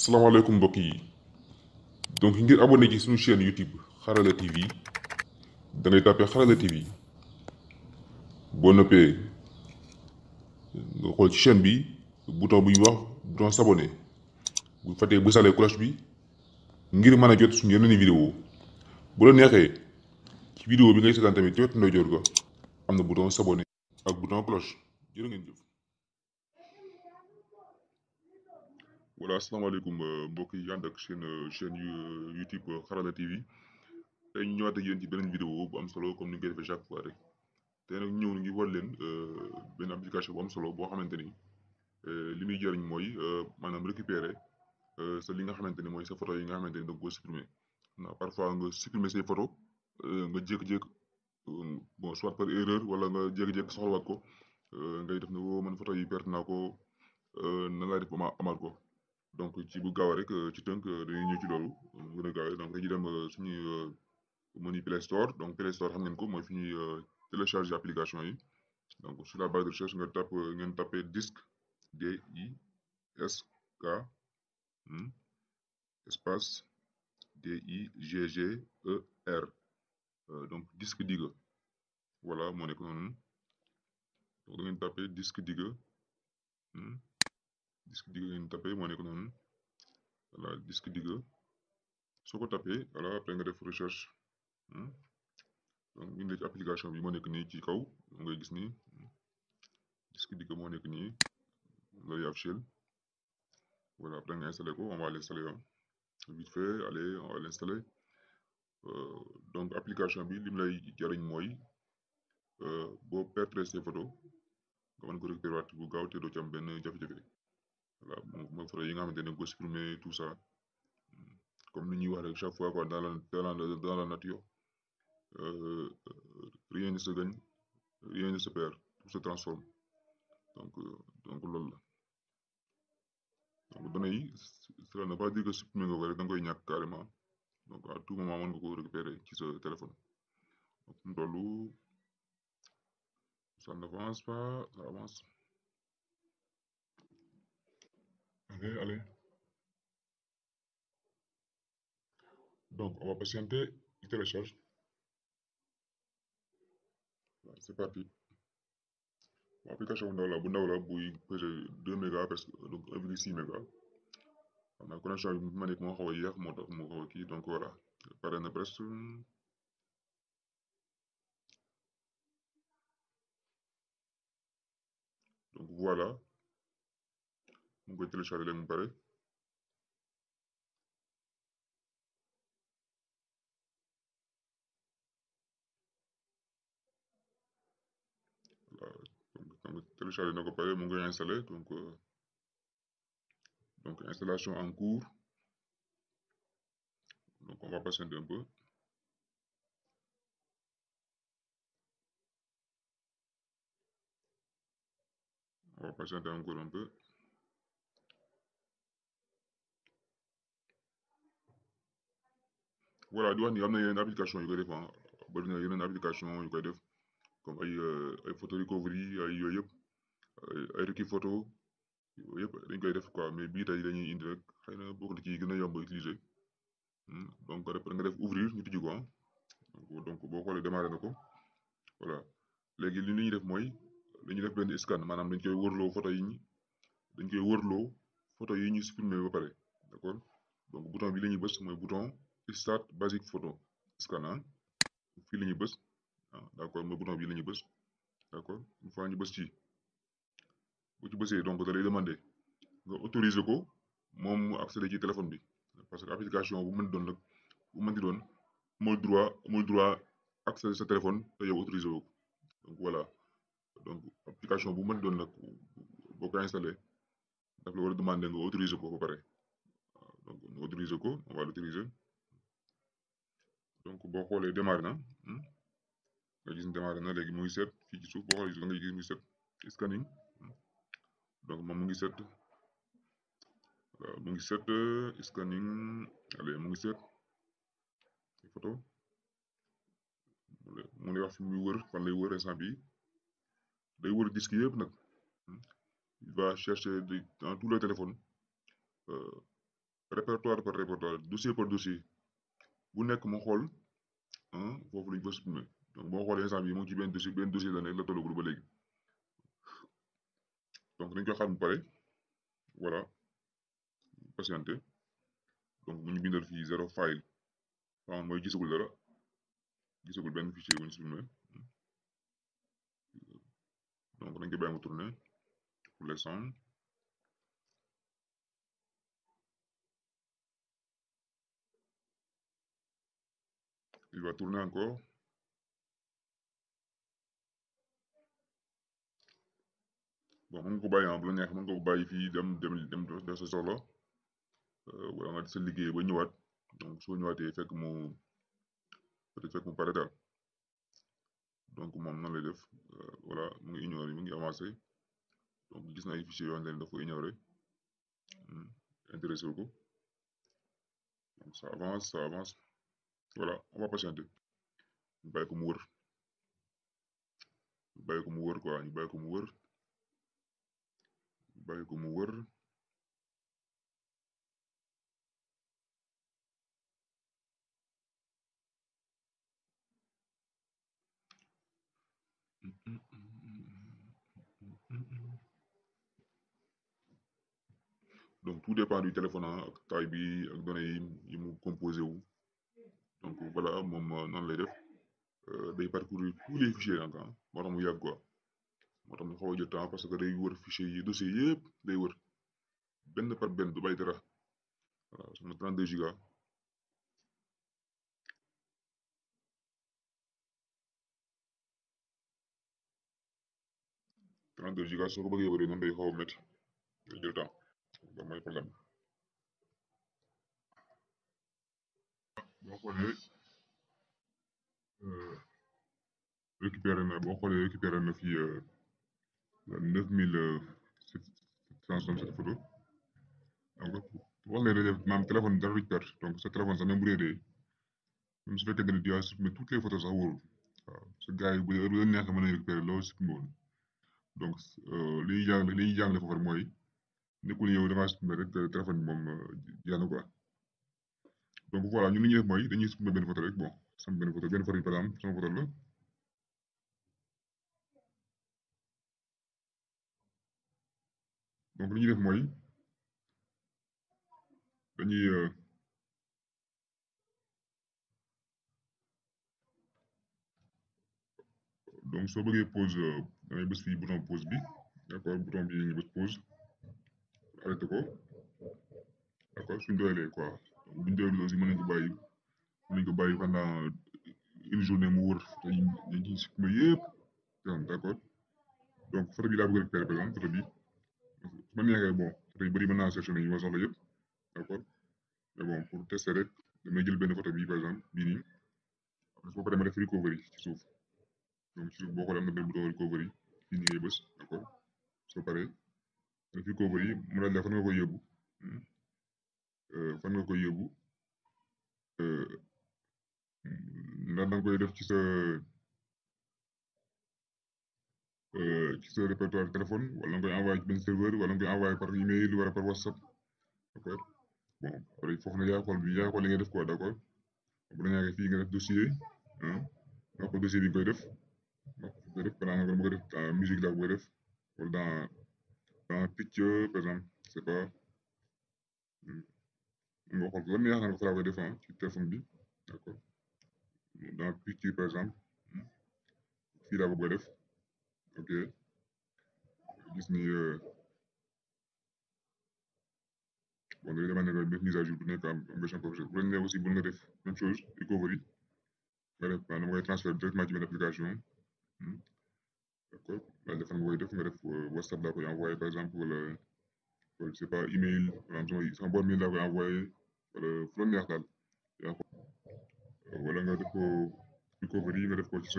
salaamaaleykum mbokk yi donc ngir abonné ci suñu chaîne YouTube Xarala TV da ngay tàppee Xarala TV boo noppee nga xool ci chaîne bi bouton bu ñuy wax bouton s'abonner bu fàttee bu salee cloche bi ngir mën a jot suñu yeneen vidéo bu la neexee ci vidéo bi ngay seetaan tamit jot wetu ndeyjoor ga am na bouton s'abonner ak bouton cloche jërë ngeen jëf. voilà asalaamaaleykum euh, mbokk yi ànd ak seen euh, chaîne euh, YouTube Xarala TV tey ñu ñëwaat ak yéen ci beneen vidéo am solo comme ni ñu koy defee chaque fois rek tey nag ñëw ngi war leen benn application bu am solo boo xamante ni li muy jëriñ mooy maanaam récupérer sa li nga xamante ni mooy sa photo yi nga xamante ni da nga koo supprimer na parfois nga supprimer say photo nga jékki-jékki bon soit par erreur wala nga jékki-jékki soxlawaat ko ngay def ne woo oh, man photo yi perte naa ko nan laa def ba ma ko. donc ci bu gaaw rek euh, ci tënk euh, dañuy ñëw ci loolu euh, mu gën a gaawee donc dañuy dem suñu menu Play Store donc Play Store xam ngeen ko mooy fi ñuy télécharger application yi donc sur la barre de recherche nga tap ngeen tapé disque D I hmm, espace D I G donc disque digue moo nekk noonu donc da disque digg ngeen tapé moo nekk noonu digg soo ko tapé voilà après nga def recherche hmm? donc ñu ci application bi moo nekk nii ci kaw ngay gis nii disque digg moo nekk nii lay ab après nga installé ko on va l'installer vite fait allez on va euh, donc application bi lim lay jariñ mooy euh, boo perdre ses photos nga mën ko récupérer bu gaaw te doo ci jafe-jafe lettre a nga xamante ne ko tout ça comme ni ñuy wax rek chaque fois quoi dans la dans la dans euh, rien ne se rien ne se tout se transforme donc euh, donc loolu la pas dire que supprimer nga ko rek da nga koy ñàkk carrément donc tout moment mën nga récupérer ci sa téléphone donc mu toll n'avance pas ça avance. Allez, allez. Donc, on va patienter, télécharge. C'est parti. L'application de la Bunda, la bouille, 2 mégas, parce que, donc 1,6 mégas. On a connexion avec Manik Mohawa hier, mon qui, donc voilà. Parrain de presse. Donc voilà. mu ngi téléchargé léegi mu pare voilà donc téléchargé na ko pare mu ngi installé donc donc en cours donc on va patienter un peu. On va patienter encore un peu. voilà di wax ni am na yeneen application yu koy def ah bëri na yeneen application yu koy euh, ay photo recovery ay yooyu yëpp ay requis photo yooyu yëpp dañ koy def quoi mais bii tey dañuy indi rek xëy na bokk na ci gën a yomb a utiliser hmm, donc après nga ouvrir ñu tijji ko ah donc boo xoolee démarré na ko voilà léegi li ñuy def mooy dañuy def benn scan maanaam dañ koy wërloo foto yi ñu dañ koy wërloo photo yi ñu supprimer ba pare d' accord donc bouton bi la ñuy bës bouton. start basic photo scanner ah. fii la ñuy bës ah d' bi la ñuy bës d' accord ñu bës ci bu ci donc da lay demandé nga autoriser ko moom mu accéder ci téléphone bi parce que application bu mën doon nag bu mën di doon amul droit amul droit sa téléphone te yow autoriser ko donc voilà donc application bu mën doon nag boo ko installé daf la war a nga autoriser ko ba pare donc nga autoriser ko on va l' donc boo xoolee démarré na hmm, nga gis ne démarré na léegi mu ngi set fii ci suuf boo xoolee nga gis mu ngi set scanning hmm, donc moom mu ngi set mu ngi set scanning allez mu ngi set photo mu lay wax fi muy wër fan lay wër instant bi day wër disque yëpp nag hmm, il va chercher dans tous les téléphones euh, répertoire par répertoire dossier par dossier bu nekk mu xool foofu lañ fa supprimer donc boo xoolee instant bii mu ngi ci benn dossier benn dossier la nekk la tollagul ba léegi donc dañ koy xaar mu pare voilà patienté donc bu ñu bindal fii zero file mooy gisagul dara gisagul benn fichier bu ñu supprimer donc dañ koy bàyyi mu tourner pour Vaturnanko. bon mën nga ko bàyyi bu la neex mën nga ko bàyyi fii dem dem dem def sa euh, wala nga sa liggéey ba ñëwaat donc soo ñëwaatee fekk mu peut-être mu pare daal donc moom no lay def euh, voilà mu ngi ignoré mu ngi avancé donc gis na ay fichiers yoo hmm, intéressé ko donc ça avance ça avance. voilà on va patienter ñu bàyyi ko mu wër ñu bàyyi ko mu wër quoi ñu bàyyi ko mu wër ñu donc tout dépend du téléphone ak taille bi ak données yi yi composé wu donc voilà moom euh, noonu lay def euh, day parcourir tous les fichiers nag ah mu yàgg quoi moo mu xaw a parce que day wër fichier yi dossier yëpp day wër benn par benn du bàyyi dara voilà sama deux giga soo ko bëggee bëri noonu day xaw a métti day jël temps problème boo xoolee euh, récupéré na boo xoolee récupéré na fii euh, neuf mille euh, sept cent soixante-sept ne rek maanaam téléphone dara du ci perte donc sa téléphone sax même bu réeree même su fekkee ne diwaan supprimer toutes les photos sax wóorul waaw sa bu dee heure neex nga a récupéré loolu supprimer woon donc li ñuy jàngale li ñuy jàngale foofu mooy nekkul yow rek téléphone bi moom jeex donc voilà ñun li ñuy def mooy dañuy supprimer benn photo rek bon sama benn photo benn photo la donc li ñuy def mooy dañuy euh, donc soo bëggee pause euh, da ngay bës fii bouton pause bi d'accord bouton bi nga bës pause arrêté ko d'accord suñu doyalee buñ teewlu aussi mën o ko bàyyi mën nañ ko bàyyi pendant une journée mu wër dañ ciy supprimer yëpp d' accord donc photo bi laa bëgg a récupérer par exemple photo bi su ma neexee bon photo yu bëri mën naa rek damay jël benn photo bi par exemple bii nii après boo paree ma def recovery ci suuf donc ci boo xoolee am na benn bouton recovery fii koy yóbbu hmm. Euh, fan nga koy yóbbu euh, ndax koy def ci sa euh, ci sa répertoire téléphone wala nga envoyé ci serveur wala nga envoyé par email wala par whatsapp d'accord bon après foofu nag yaa xool def quoi d'accord bu la koy def ndax def musique la def wala dans dans picture par exemple nga waxoon ko la neex na nga travail defend ci téléphone bi d' accord dans picture par exemple fii laa bëgg a def ok gis ni euh, bon da dama nekk def mise a jour bu nekk am version professionnelle la neex aussi mën nga def même chose recovery nga def maanaam ngay transfert directement ci benn application hmm, d' accord nga def koy def nga def euh, WhatsApp laa koy envoyé par exemple je sais pas email par exemple mail laa koy envoyé wala fu la wala nga def ko nga def ko ci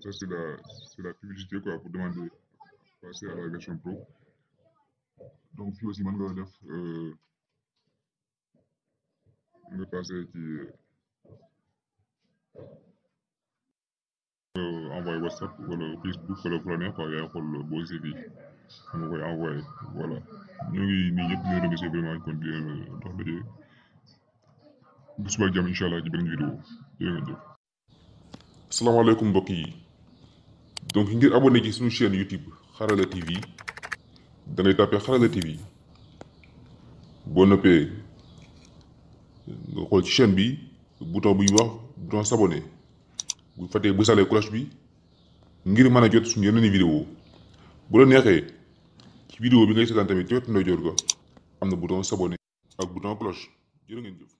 sa ça la c'est la publicité quoi pour demander passer à la version pro donc fii aussi mën nga def euh, nga passer ci Euh, envoyé WhatsApp wala Facebook wala ku la neex yaay xool boo gisee fii nga koy envoyé voilà ñoo euh, mbokk yi donc ngir abonné ci suñu chaîne YouTube Xarala TV da ngay tàppee Xarala TV boo noppee nga xool ci chaîne bi bouton bu wax bouton s'abonner. bu fekkee bësalee cloche bi ngir mën a jot suñu yeneen vidéo bu la neexee ci vidéo bi ngay seetaan tamit jot na ndeyjoor ga am na bouton s'abonner ak bouton cloche jërë ngeen jëf.